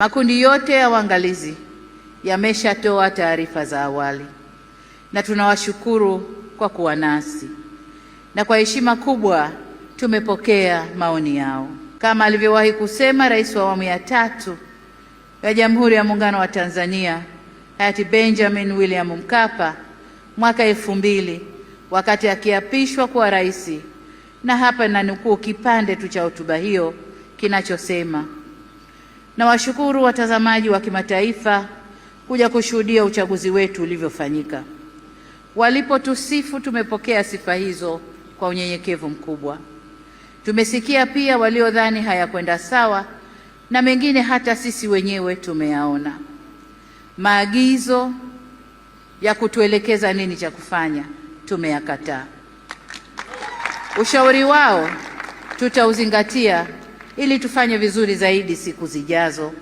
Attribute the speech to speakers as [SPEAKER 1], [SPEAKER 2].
[SPEAKER 1] Makundi yote ya waangalizi yameshatoa taarifa za awali na tunawashukuru kwa kuwa nasi, na kwa heshima kubwa tumepokea maoni yao. Kama alivyowahi kusema Rais wa awamu ya tatu ya Jamhuri ya Muungano wa Tanzania hayati Benjamin William Mkapa mwaka elfu mbili wakati akiapishwa kuwa rais, na hapa nanukuu kipande tu cha hotuba hiyo kinachosema na washukuru watazamaji wa kimataifa kuja kushuhudia uchaguzi wetu ulivyofanyika. Walipotusifu, tumepokea sifa hizo kwa unyenyekevu mkubwa. Tumesikia pia waliodhani hayakwenda sawa na mengine hata sisi wenyewe tumeyaona. Maagizo ya kutuelekeza nini cha kufanya tumeyakataa. Ushauri wao tutauzingatia ili tufanye vizuri zaidi siku zijazo.